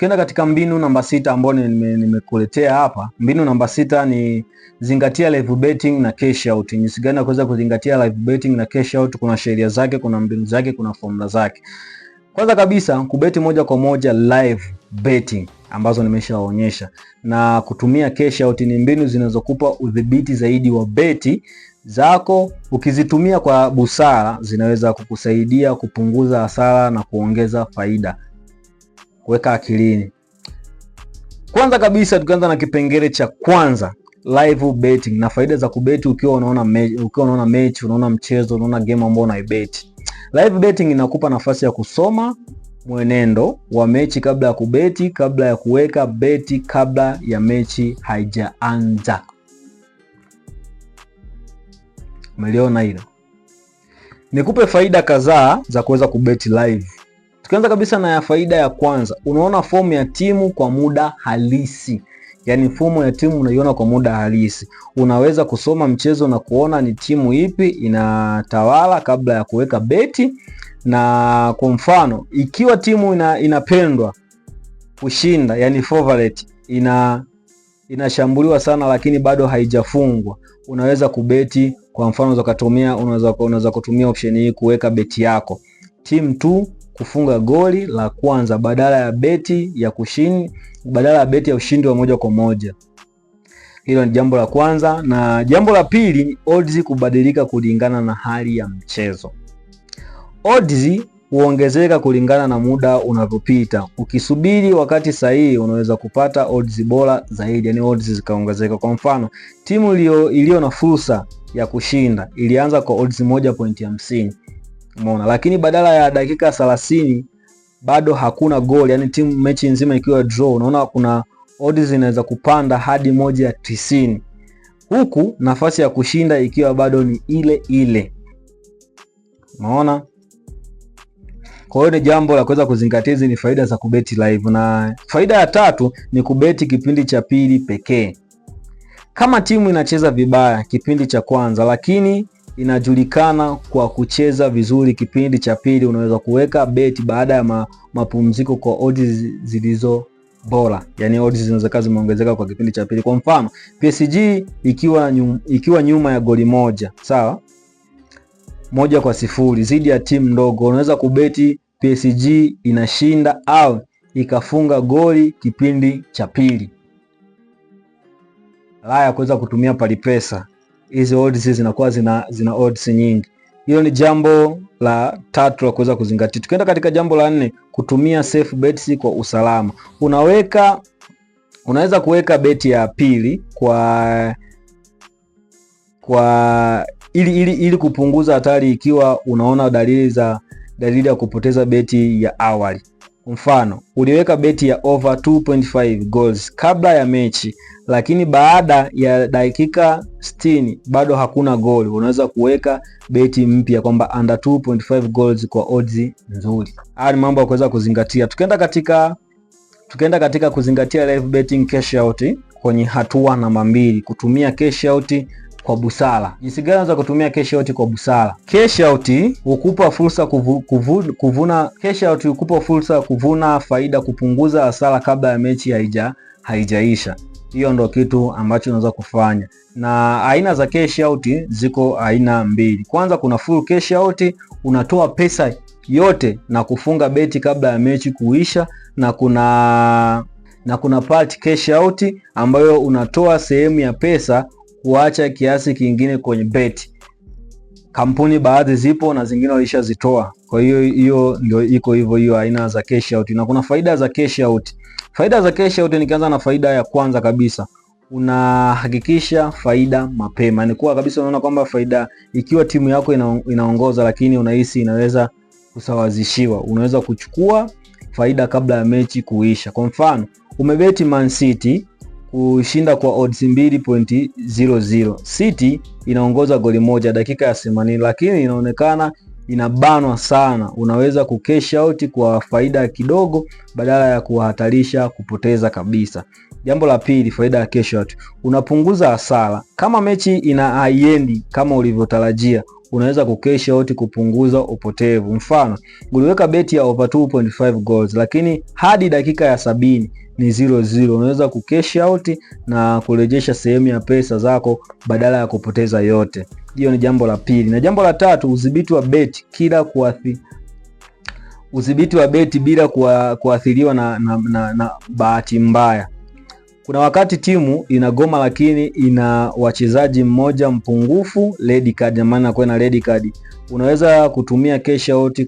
Tukienda katika mbinu namba sita ambayo nimekuletea nime hapa, mbinu namba sita ni zingatia live betting na cash out. Jinsi gani kuweza kuzingatia live betting na cash out? Kuna sheria zake, kuna mbinu zake, kuna formula zake. Kwanza kabisa kubeti moja kwa moja live betting ambazo nimeshaonyesha na kutumia cash out ni mbinu zinazokupa udhibiti zaidi wa beti zako. Ukizitumia kwa busara, zinaweza kukusaidia kupunguza hasara na kuongeza faida weka akilini. Kwanza kabisa tukianza na kipengele cha kwanza live betting na faida za kubeti ukiwa unaona mechi, ukiwa unaona mechi, unaona mchezo, unaona game ambayo unaibeti. Live betting inakupa nafasi ya kusoma mwenendo wa mechi kabla ya kubeti, kabla ya kuweka beti, kabla ya mechi haijaanza. Umeliona hilo? Nikupe faida kadhaa za kuweza kubeti live. Tukianza kabisa na ya faida ya kwanza, unaona fomu ya timu kwa muda halisi. Yaani fomu ya timu unaiona kwa muda halisi, unaweza kusoma mchezo na kuona ni timu ipi inatawala kabla ya kuweka beti. Na kwa mfano, ikiwa timu ina, inapendwa kushinda, yani favorite ina inashambuliwa sana lakini bado haijafungwa, unaweza kubeti. Kwa mfano, unaweza kutumia unaweza kutumia option hii kuweka beti yako team kufunga goli la kwanza badala ya beti ya kushini, badala ya beti ya ushindi wa moja kwa moja. Hilo ni jambo la kwanza, na jambo la pili ni odds kubadilika kulingana na hali ya mchezo. Odds huongezeka kulingana na muda unavyopita. Ukisubiri wakati sahihi, unaweza kupata odds bora zaidi, yani odds zikaongezeka. Kwa mfano, timu iliyo na fursa ya kushinda ilianza kwa odds moja Umeona? Lakini badala ya dakika thelathini bado hakuna goli, yani timu mechi nzima ikiwa draw, unaona kuna odds zinaweza kupanda hadi moja ya tisini huku nafasi ya kushinda ikiwa bado ni ile ile. Umeona? Kwa hiyo ni jambo la kuweza kuzingatia. Hizi ni faida za kubeti live, na faida ya tatu ni kubeti kipindi cha pili pekee. Kama timu inacheza vibaya kipindi cha kwanza, lakini inajulikana kwa kucheza vizuri kipindi cha pili. Unaweza kuweka beti baada ya ma, mapumziko kwa odds zilizo bora, yani odds zinaweza zimeongezeka kwa kipindi cha pili. Kwa mfano PSG ikiwa nyum, ikiwa nyuma ya goli moja sawa moja kwa sifuri dhidi ya timu ndogo, unaweza kubeti PSG inashinda au ikafunga goli kipindi cha pili. Raya kuweza kutumia palipesa hizi odds zinakuwa zina, zina odds nyingi. Hilo ni jambo la tatu la kuweza kuzingatia. Tukienda katika jambo la nne, kutumia safe bets kwa usalama. Unaweka unaweza kuweka beti ya pili kwa kwa ili, ili, ili kupunguza hatari ikiwa unaona dalili za dalili ya kupoteza beti ya awali. Mfano, uliweka beti ya over 2.5 goals kabla ya mechi, lakini baada ya dakika 60 bado hakuna goli, unaweza kuweka beti mpya kwamba under 2.5 goals kwa odds nzuri. Haya ni mambo ya kuweza kuzingatia. Tukienda katika tukienda katika kuzingatia live betting cash out kwenye hatua namba mbili, kutumia cash out kwa busara. Jinsi gani unaweza kutumia cash out kwa busara? Cash out hukupa fursa kuvu, kuvu, kuvuna cash out hukupa fursa kuvuna faida, kupunguza hasara kabla ya mechi haija haijaisha. Hiyo ndo kitu ambacho unaweza kufanya, na aina za cash out ziko aina mbili. Kwanza kuna full cash out, unatoa pesa yote na kufunga beti kabla ya mechi kuisha, na kuna na kuna part cash out ambayo unatoa sehemu ya pesa kuacha kiasi kingine kwenye beti. Kampuni baadhi zipo na zingine walishazitoa. Kwa hiyo hiyo ndio iko hivyo, hiyo aina za cash out. Na kuna faida za cash out. Faida za cash out, nikianza na faida ya kwanza kabisa, unahakikisha faida mapema. Ni yaani kuwa kabisa unaona kwamba faida, ikiwa timu yako ina, inaongoza lakini unahisi inaweza kusawazishiwa, unaweza kuchukua faida kabla ya mechi kuisha. Kwa mfano umebeti Man City kushinda kwa odds 2.00. City inaongoza goli moja dakika ya 80, lakini inaonekana inabanwa sana. Unaweza kucash out kwa faida kidogo badala ya kuhatarisha kupoteza kabisa. Jambo la pili, faida ya cash out, unapunguza hasara. Kama mechi ina haiendi kama ulivyotarajia, unaweza kukesha oti kupunguza upotevu. Mfano, uliweka beti ya over 2.5 goals lakini hadi dakika ya sabini ni 0-0. Unaweza kukesha oti na kurejesha sehemu ya pesa zako badala ya kupoteza yote. Hiyo ni jambo la pili, na jambo la tatu, udhibiti wa beti kila kuathi udhibiti wa beti bila kuathiriwa na, na, na, na bahati mbaya. Kuna wakati timu inagoma lakini ina wachezaji mmoja mpungufu red card, maana kwa na red card unaweza kutumia cash out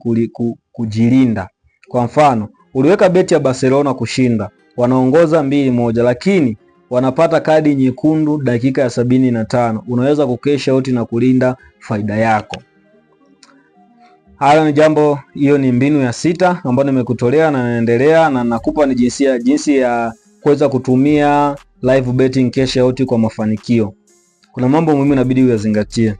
kujilinda. Kwa mfano, uliweka beti ya Barcelona kushinda, wanaongoza mbili moja, lakini wanapata kadi nyekundu dakika ya sabini na tano. Unaweza kukesha out na kulinda faida yako. Hayo ni jambo, hiyo ni mbinu ya sita ambayo nimekutolea na naendelea na nakupa ni jinsi ya jinsi ya kuweza kutumia live betting cash out kwa mafanikio. Kuna mambo muhimu inabidi uyazingatie.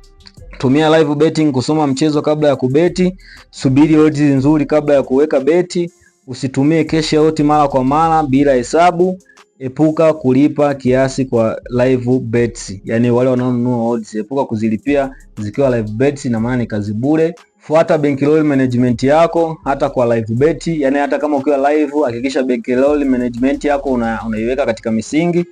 Tumia live betting kusoma mchezo kabla ya kubeti, subiri odds nzuri kabla ya kuweka beti, usitumie cash out mara kwa mara bila hesabu, epuka kulipa kiasi kwa live bets. Yaani wale wanaonunua odds, epuka kuzilipia zikiwa live bets na maana ni kazi bure. Fuata bankroll management yako hata kwa live bet, yani hata kama ukiwa live hakikisha bankroll management yako una, unaiweka katika misingi.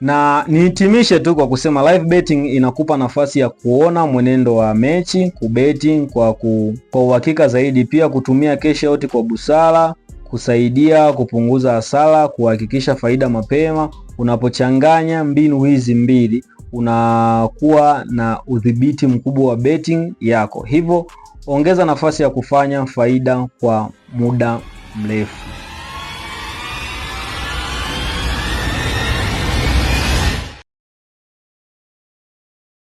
Na nihitimishe tu kwa kusema live betting inakupa nafasi ya kuona mwenendo wa mechi, kubeti kwa ku, kwa uhakika zaidi, pia kutumia cash out kwa busara kusaidia kupunguza hasara, kuhakikisha faida mapema. Unapochanganya mbinu hizi mbili unakuwa na udhibiti mkubwa wa betting yako hivyo ongeza nafasi ya kufanya faida kwa muda mrefu.